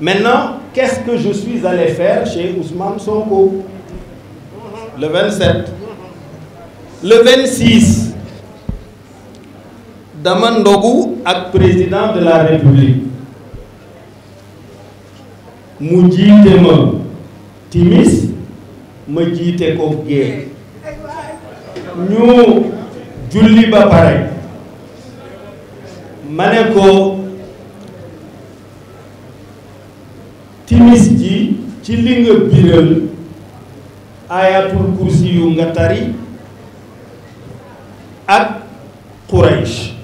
Maintenant, qu'est-ce que je suis allé faire chez Ousmane Sonko Le 27. Le 26, dogu acte président de la République, mu ma timis ma jiite ko gée ñu nous, timis ji ci li nga biral ayatul kursi yu nga tari ak Quraysh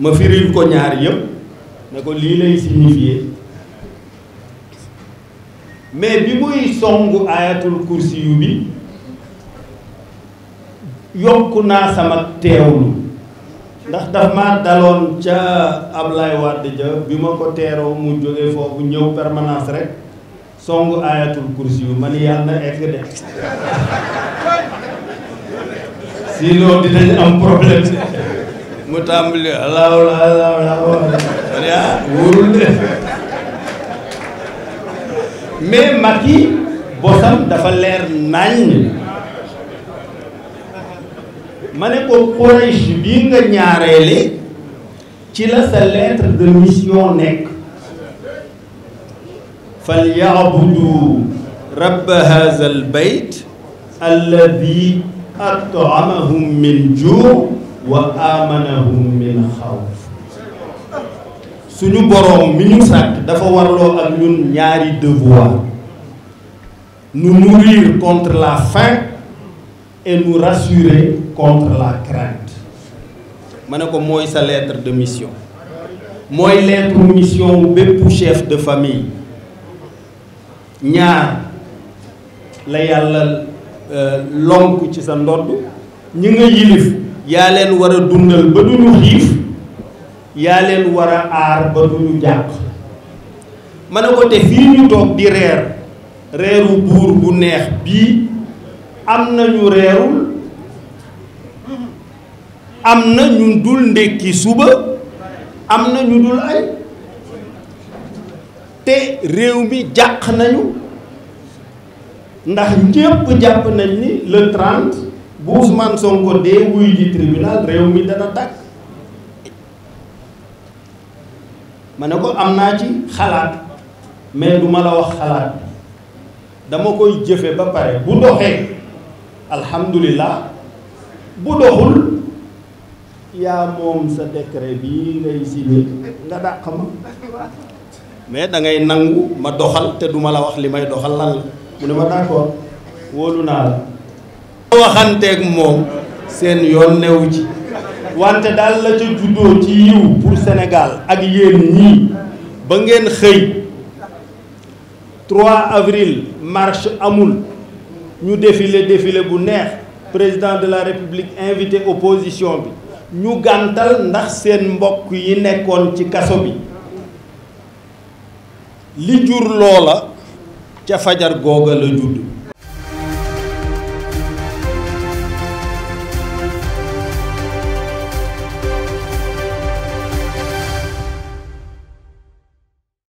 ma firil ko ñaar yépp ne ko lii lay signifier mais bi muy songu ayatul kursi yu bi yokku naa sama teewlu ndax daf ma daloon ca Ablaye Wade ja bi ma ko teeroo mu jógee foofu ñëw permanence rek songu ayatul kursi yu man yàlla na egg de sinon dinañ am problème mu tàmbali alaaw la alaaw la man yaa ah, wóorul de mais Macky bosam dafa leer nañ mané ko quraish bi nga ñaareele ci la sa lettre de mission nek fal yaabudu rabba haza al bayt alladi atamahum min ju' wa amanahum min khawf suñu borom mi ñu sak dafa warlo ak ñun ñaari devoir nous nourrir contre la faim et nous rassurer contre la crainte ma ne ko mooy sa lettre de mission Moy lettre mission pour chef de famille ñaar la yàlla euh, lonk ci sa ndodd ñi nga yilif ya len wara a dundal ba duñu xif ya len wara ar ba duñu ñu jàq ko te fi ñu tok di reer reeru buur bu neex bi am na ñu reerul am na ñu dul ndékki suba am na ñu dul ay te réew mi jàq nañu ndax ñépp jàpp nañ ni le 30 bu Ousmane Sonko dee wuy ji tribunal réew mi dana takk ma ne ko am naa ci xalaat mais du ma la wax xalaat dama koy jëfe ba pare bu doxee alhamdulillah bu doxul ya mom sa décret bi ngay signé nga da xam mais da ngay nangou ma doxal te duma la wax limay may doxal lan mu ne ma d'accord woluna waxante ak mom sen yon newu ci wante dal la ci juddo ci yiw pour senegal ak yeen ni ba ngeen xey 3 avril marche amul ñu défilé défilé bu neex président de la république invité opposition bi ñu gàntal ndax seen mbokk yi nekkoon ci kasso bi li jur loola ca fajar googa la judd